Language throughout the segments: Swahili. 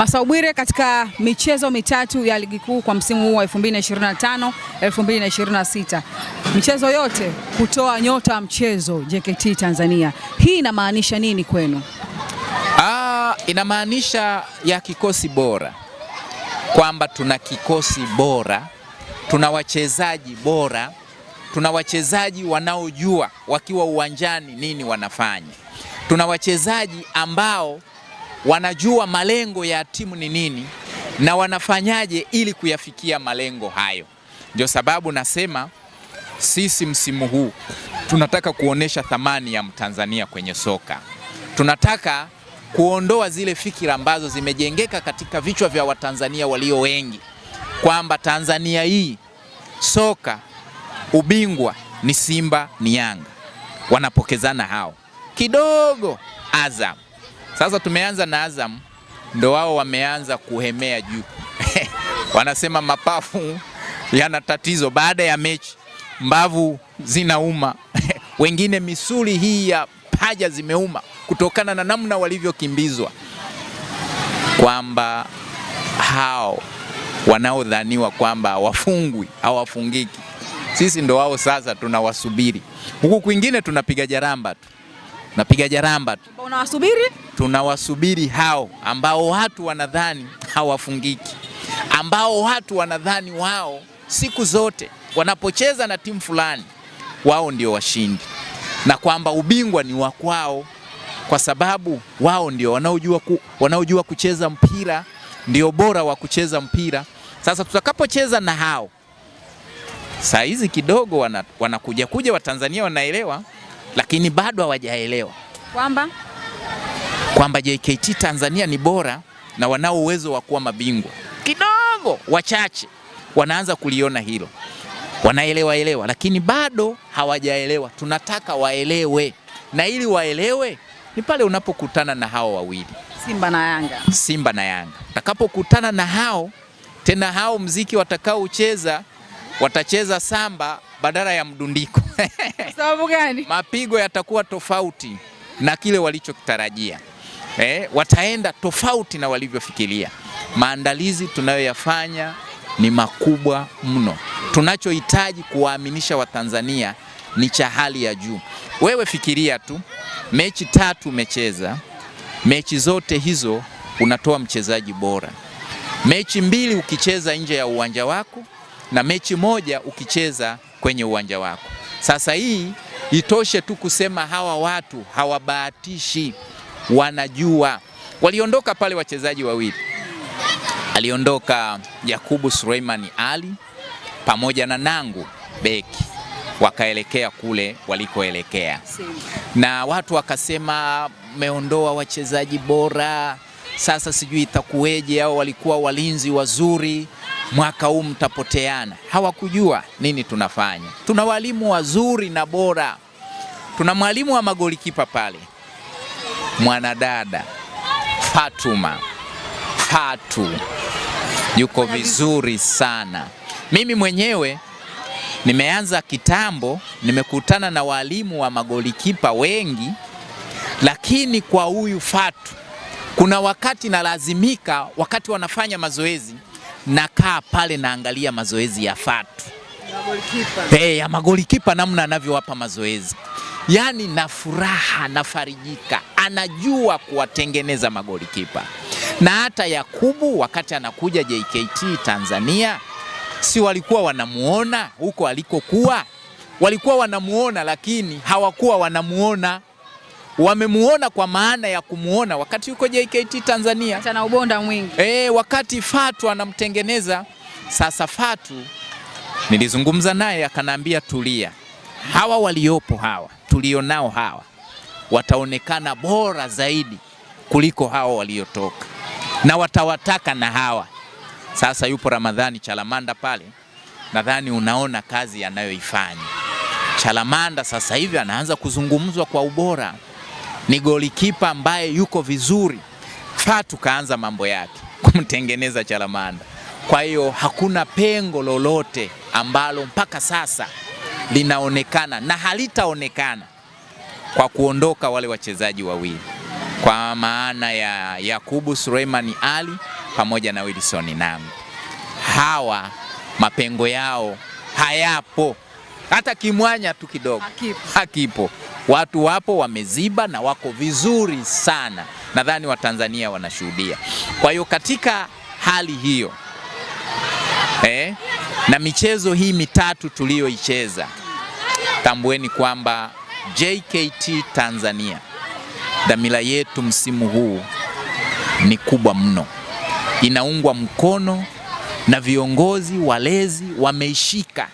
Masau Bwire, katika michezo mitatu ya ligi kuu kwa msimu huu wa 2025 2026, michezo yote kutoa nyota ya mchezo JKT Tanzania, hii inamaanisha nini kwenu? Ah, inamaanisha ya kikosi bora, kwamba tuna kikosi bora, tuna wachezaji bora, tuna wachezaji wanaojua wakiwa uwanjani nini wanafanya, tuna wachezaji ambao wanajua malengo ya timu ni nini na wanafanyaje ili kuyafikia malengo hayo. Ndio sababu nasema sisi msimu huu tunataka kuonesha thamani ya Mtanzania kwenye soka. Tunataka kuondoa zile fikira ambazo zimejengeka katika vichwa vya Watanzania walio wengi kwamba Tanzania hii soka ubingwa ni Simba ni Yanga, wanapokezana hao kidogo Azam sasa tumeanza na Azam, ndo wao wameanza kuhemea juu wanasema mapafu yana tatizo baada ya mechi, mbavu zinauma wengine misuli hii ya paja zimeuma kutokana na namna walivyokimbizwa, kwamba hao wanaodhaniwa kwamba hawafungwi hawafungiki, sisi ndo wao sasa tunawasubiri. Huku kwingine tunapiga jaramba tu napiga jaramba Unawasubiri? Tunawasubiri hao ambao watu wanadhani hawafungiki, ambao watu wanadhani wao siku zote wanapocheza na timu fulani wao ndio washindi na kwamba ubingwa ni wa kwao, kwa sababu wao ndio wanaojua, ku, wanaojua kucheza mpira, ndio bora wa kucheza mpira. Sasa tutakapocheza na hao saa hizi kidogo wanakuja wana kuja Watanzania wanaelewa lakini bado hawajaelewa kwamba kwamba JKT Tanzania ni bora na wanao uwezo wa kuwa mabingwa. Kidogo wachache wanaanza kuliona hilo, wanaelewa elewa, lakini bado hawajaelewa. Tunataka waelewe, na ili waelewe ni pale unapokutana na hao wawili Simba na Yanga, Simba na Yanga, utakapokutana na hao tena, hao mziki watakaoucheza watacheza samba badala ya mdundiko. Sababu gani? Mapigo yatakuwa tofauti na kile walichokitarajia. Eh, wataenda tofauti na walivyofikiria. Maandalizi tunayoyafanya ni makubwa mno. Tunachohitaji kuwaaminisha Watanzania ni cha hali ya juu. Wewe fikiria tu, mechi tatu umecheza, mechi zote hizo unatoa mchezaji bora, mechi mbili ukicheza nje ya uwanja wako na mechi moja ukicheza kwenye uwanja wako. Sasa hii itoshe tu kusema hawa watu hawabahatishi, wanajua. Waliondoka pale wachezaji wawili, aliondoka Yakubu Suleimani Ali pamoja na Nangu beki wakaelekea kule walikoelekea, na watu wakasema meondoa wachezaji bora, sasa sijui itakuweje, au walikuwa walinzi wazuri mwaka huu mtapoteana. Hawakujua nini tunafanya. Tuna walimu wazuri na bora, tuna mwalimu wa magolikipa pale, mwanadada Fatuma Fatu yuko vizuri sana. Mimi mwenyewe nimeanza kitambo, nimekutana na walimu wa magolikipa wengi, lakini kwa huyu Fatu kuna wakati nalazimika, wakati wanafanya mazoezi nakaa pale naangalia mazoezi ya Fatu hey, ya kipa namna anavyowapa mazoezi, yaani na furaha, nafarijika, anajua kuwatengeneza kipa. Na hata Yakubu wakati anakuja JKT Tanzania, si walikuwa wanamuona huko alikokuwa, walikuwa wanamuona, lakini hawakuwa wanamuona wamemuona kwa maana ya kumuona wakati yuko JKT Tanzania, na ubonda mwingi e, wakati Fatu anamtengeneza sasa. Fatu nilizungumza naye akanaambia, tulia, hawa waliopo hawa tulionao hawa wataonekana bora zaidi kuliko hawa waliotoka na watawataka na hawa sasa. Yupo Ramadhani Chalamanda pale, nadhani unaona kazi anayoifanya Chalamanda sasa hivi anaanza kuzungumzwa kwa ubora ni golikipa ambaye yuko vizuri. Fatu kaanza mambo yake kumtengeneza Chalamanda, kwa hiyo hakuna pengo lolote ambalo mpaka sasa linaonekana na halitaonekana kwa kuondoka wale wachezaji wawili kwa maana ya Yakubu Suleimani Ali pamoja na Wilson Nambi. Hawa mapengo yao hayapo, hata kimwanya tu kidogo hakipo, hakipo watu wapo wameziba na wako vizuri sana, nadhani Watanzania wanashuhudia. Kwa hiyo katika hali hiyo eh, na michezo hii mitatu tuliyoicheza, tambueni kwamba JKT Tanzania dhamira yetu msimu huu ni kubwa mno, inaungwa mkono na viongozi walezi, wameishika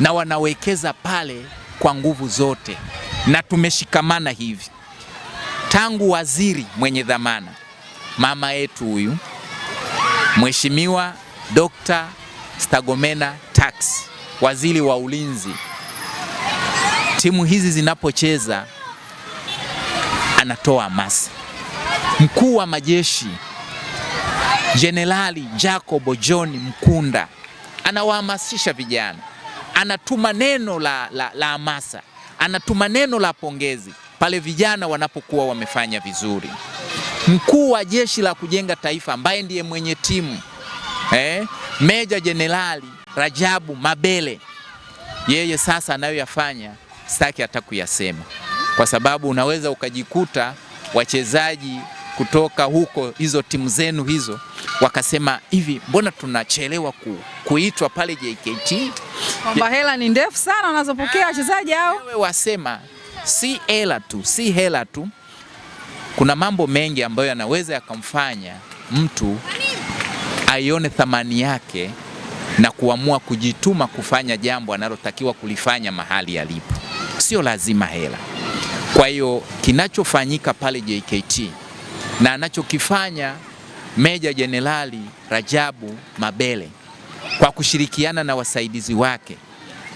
na wanawekeza pale kwa nguvu zote na tumeshikamana hivi tangu waziri mwenye dhamana mama yetu huyu Mheshimiwa Dr. stagomena Tax, waziri wa ulinzi, timu hizi zinapocheza anatoa hamasa. Mkuu wa majeshi Jenerali Jacobo John Mkunda anawahamasisha vijana, anatuma neno la hamasa la, la anatuma neno la pongezi pale vijana wanapokuwa wamefanya vizuri. Mkuu wa jeshi la kujenga taifa ambaye ndiye mwenye timu eh, Meja Jenerali Rajabu Mabele, yeye sasa anayoyafanya sitaki hata kuyasema, kwa sababu unaweza ukajikuta wachezaji kutoka huko hizo timu zenu hizo wakasema hivi, mbona tunachelewa ku, kuitwa pale JKT? kwamba hela ni ndefu sana wanazopokea ah, wachezaji hao. Wewe wasema si hela tu, si hela tu, kuna mambo mengi ambayo yanaweza yakamfanya mtu aione thamani yake na kuamua kujituma kufanya jambo analotakiwa kulifanya mahali alipo, sio lazima hela. Kwa hiyo kinachofanyika pale JKT na anachokifanya Meja Jenerali Rajabu Mabele kushirikiana na wasaidizi wake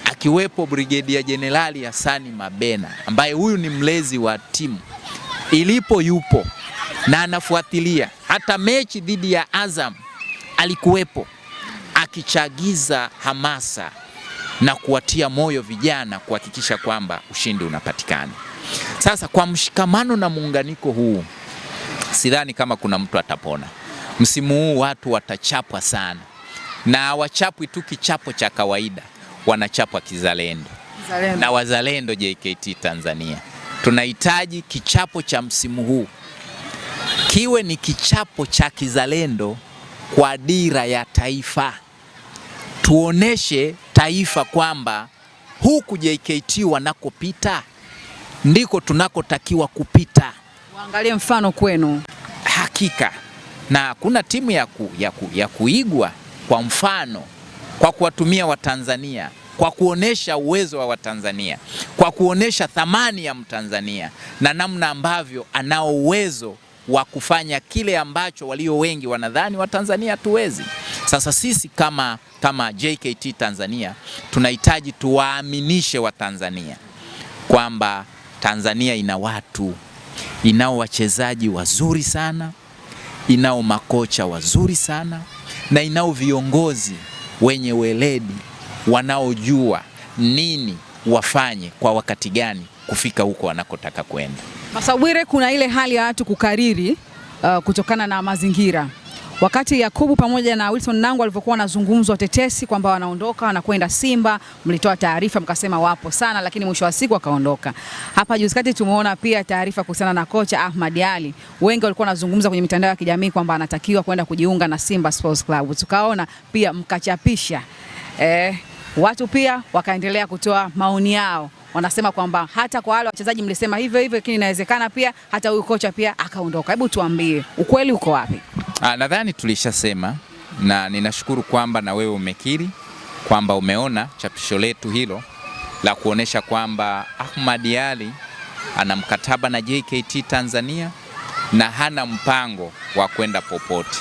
akiwepo Brigedia Jenerali Hasani Mabena ambaye huyu ni mlezi wa timu ilipo, yupo na anafuatilia. Hata mechi dhidi ya Azam alikuwepo akichagiza hamasa na kuwatia moyo vijana kuhakikisha kwamba ushindi unapatikana. Sasa kwa mshikamano na muunganiko huu, sidhani kama kuna mtu atapona msimu huu, watu watachapwa sana na wachapwi tu kichapo cha kawaida, wanachapwa kizalendo Zalendo. na wazalendo JKT Tanzania tunahitaji kichapo cha msimu huu kiwe ni kichapo cha kizalendo kwa dira ya taifa. Tuoneshe taifa kwamba huku JKT wanakopita ndiko tunakotakiwa kupita. Waangalie mfano kwenu, hakika na kuna timu ya, ku, ya, ku, ya kuigwa kwa mfano, kwa kuwatumia Watanzania, kwa kuonesha uwezo wa Watanzania, kwa kuonesha thamani ya Mtanzania na namna ambavyo anao uwezo wa kufanya kile ambacho walio wengi wanadhani Watanzania tuwezi. Sasa sisi kama, kama JKT Tanzania tunahitaji tuwaaminishe Watanzania kwamba Tanzania ina watu, inao wachezaji wazuri sana inao makocha wazuri sana na inao viongozi wenye weledi wanaojua nini wafanye kwa wakati gani kufika huko wanakotaka kwenda. Masawire, kuna ile hali ya watu kukariri uh, kutokana na mazingira Wakati Yakubu pamoja na Wilson Nangu walivyokuwa wanazungumzwa tetesi kwamba wanaondoka wanakwenda Simba, mlitoa taarifa mkasema wapo sana, lakini mwisho wa siku wakaondoka. Hapa juzi kati tumeona pia taarifa kuhusiana na kocha Ahmad Ali, wengi walikuwa wanazungumza kwenye mitandao ya kijamii kwamba anatakiwa kwenda kujiunga na Simba Sports Club, tukaona pia mkachapisha eh, watu pia wakaendelea kutoa maoni yao wanasema kwamba hata kwa wale wachezaji mlisema hivyo hivyo, lakini inawezekana pia hata huyu kocha pia akaondoka. Hebu tuambie ukweli uko wapi? Ah, nadhani tulishasema na ninashukuru kwamba na wewe umekiri kwamba umeona chapisho letu hilo la kuonesha kwamba Ahmad Ally ana mkataba na JKT Tanzania na hana mpango wa kwenda popote,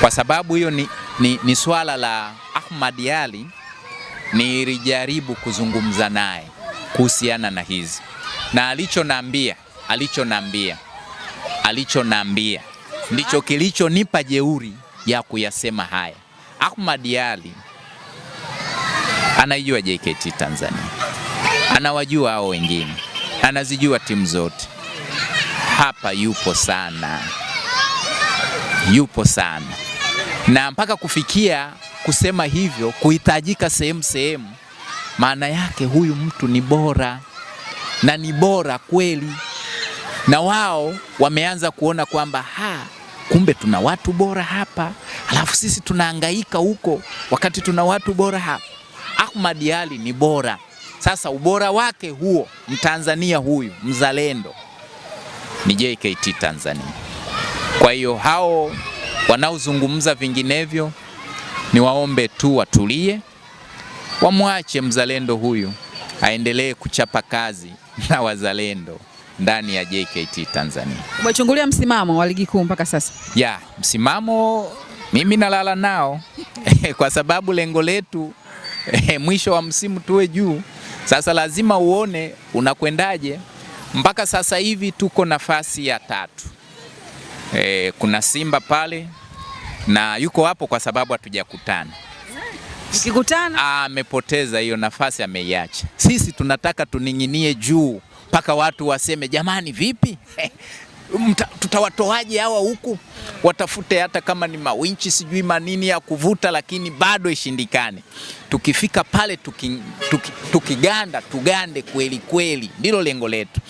kwa sababu hiyo ni, ni, ni swala la Ahmad Ally nilijaribu kuzungumza naye kuhusiana na hizi na alichonambia alichonambia alichonambia ndicho kilichonipa jeuri ya kuyasema haya. Ahmad Ali anaijua JKT Tanzania, anawajua hao wengine, anazijua timu zote. Hapa yupo sana, yupo sana, na mpaka kufikia kusema hivyo kuhitajika sehemu sehemu, maana yake huyu mtu ni bora na ni bora kweli, na wao wameanza kuona kwamba ha kumbe tuna watu bora hapa, alafu sisi tunahangaika huko wakati tuna watu bora hapa. Ahmad Ali ni bora. Sasa ubora wake huo, Mtanzania huyu mzalendo ni JKT Tanzania. Kwa hiyo hao wanaozungumza vinginevyo ni waombe tu watulie, wamwache mzalendo huyu aendelee kuchapa kazi na wazalendo ndani ya JKT Tanzania. Umechungulia msimamo wa ligi kuu mpaka sasa? Ya, msimamo mimi nalala nao kwa sababu lengo letu mwisho wa msimu tuwe juu. Sasa lazima uone unakwendaje. Mpaka sasa hivi tuko nafasi ya tatu. E, kuna Simba pale na yuko hapo kwa sababu hatujakutana. Mkikutana amepoteza hiyo nafasi, ameiacha. Sisi tunataka tuning'inie juu mpaka watu waseme jamani, vipi tutawatoaje hawa huku, watafute hata kama ni mawinchi sijui manini ya kuvuta, lakini bado ishindikane. Tukifika pale tuki, tuki, tukiganda tugande kweli kweli, ndilo lengo letu.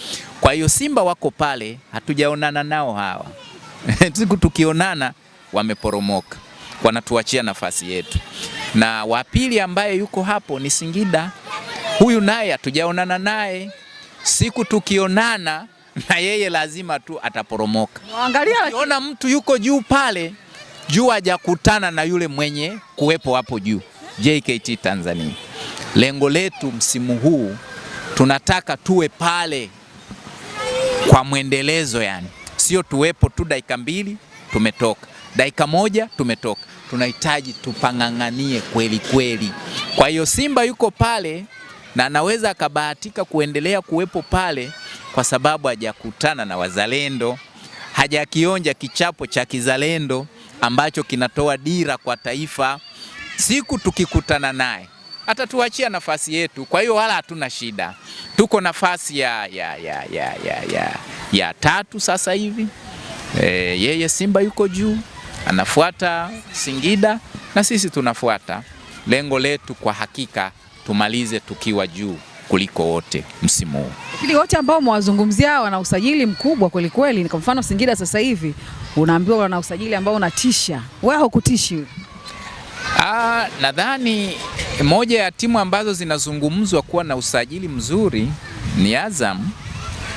Kwa hiyo Simba wako pale, hatujaonana nao hawa siku tukionana wameporomoka, wanatuachia nafasi yetu. Na wa pili ambaye yuko hapo ni Singida, huyu naye hatujaonana naye siku tukionana na yeye lazima tu ataporomoka. Angalia, ukiona mtu yuko juu pale juu hajakutana na yule mwenye kuwepo hapo juu. JKT Tanzania, lengo letu msimu huu tunataka tuwe pale kwa mwendelezo, yani sio tuwepo tu dakika mbili tumetoka, dakika moja tumetoka. Tunahitaji tupang'ang'anie kweli kweli. Kwa hiyo Simba yuko pale na anaweza akabahatika kuendelea kuwepo pale kwa sababu hajakutana na wazalendo, hajakionja kichapo cha kizalendo ambacho kinatoa dira kwa taifa. Siku tukikutana naye atatuachia nafasi yetu, kwa hiyo wala hatuna shida. Tuko nafasi ya, ya, ya, ya, ya, ya, ya tatu sasa hivi. E, yeye Simba yuko juu anafuata Singida na sisi tunafuata. Lengo letu kwa hakika tumalize tukiwa juu kuliko wote msimu huu. Lakini wote ambao mwazungumzia wana usajili mkubwa kweli kweli, kwa mfano Singida sasa hivi unaambiwa wana usajili ambao unatisha, wewe hukutishi? Ah, nadhani moja ya timu ambazo zinazungumzwa kuwa na usajili mzuri ni Azam.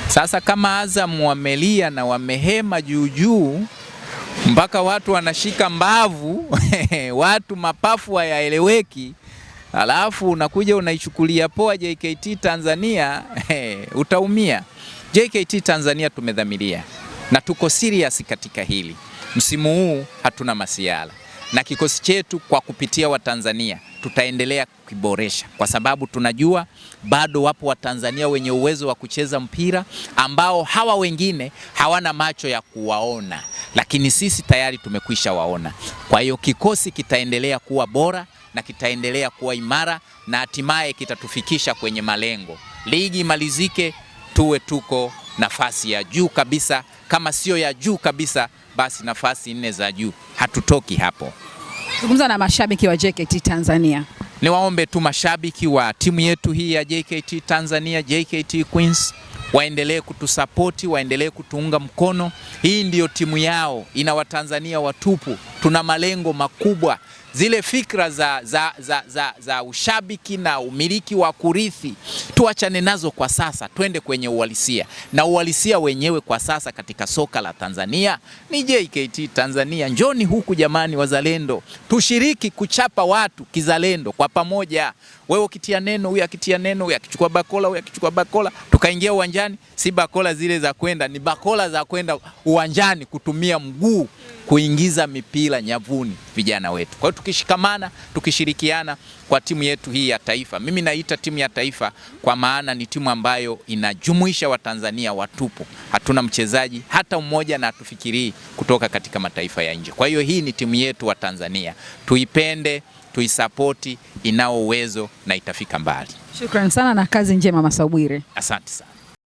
Sasa kama Azam wamelia na wamehema juu juu mpaka watu wanashika mbavu watu mapafu hayaeleweki alafu unakuja unaichukulia poa JKT Tanzania hey, utaumia. JKT Tanzania tumedhamiria na tuko serious katika hili. Msimu huu hatuna masiala na kikosi chetu kwa kupitia Watanzania tutaendelea kukiboresha kwa sababu tunajua bado wapo Watanzania wenye uwezo wa kucheza mpira ambao hawa wengine hawana macho ya kuwaona, lakini sisi tayari tumekwisha waona. Kwa hiyo kikosi kitaendelea kuwa bora na kitaendelea kuwa imara na hatimaye kitatufikisha kwenye malengo, ligi imalizike, tuwe tuko nafasi ya juu kabisa, kama sio ya juu kabisa, basi nafasi nne za juu. Hatutoki hapo. Zungumza na mashabiki wa JKT Tanzania. Niwaombe tu mashabiki wa timu yetu hii ya JKT Tanzania, JKT Queens waendelee kutusapoti, waendelee kutuunga mkono. Hii ndiyo timu yao, ina Watanzania watupu. Tuna malengo makubwa, zile fikra za, za, za, za, za ushabiki na umiliki wa kurithi tuachane nazo kwa sasa, twende kwenye uhalisia, na uhalisia wenyewe kwa sasa katika soka la Tanzania ni JKT Tanzania. Njoni huku jamani, wazalendo, tushiriki kuchapa watu kizalendo kwa pamoja. Wewe ukitia neno, huyu akitia neno, huyu akichukua bakola, huyu akichukua bakola, tukaingia uwanjani. Si bakola zile za kwenda, ni bakola za kwenda uwanjani kutumia mguu kuingiza mipira nyavuni vijana wetu kwa tukishikamana, tukishirikiana kwa timu yetu hii ya taifa. Mimi naita timu ya taifa kwa maana ni timu ambayo inajumuisha Watanzania watupu. Hatuna mchezaji hata mmoja na hatufikirii kutoka katika mataifa ya nje. Kwa hiyo hii ni timu yetu wa Tanzania, tuipende, tuisapoti, inao uwezo na itafika mbali. Shukrani sana na kazi njema Masawire. Asante sana.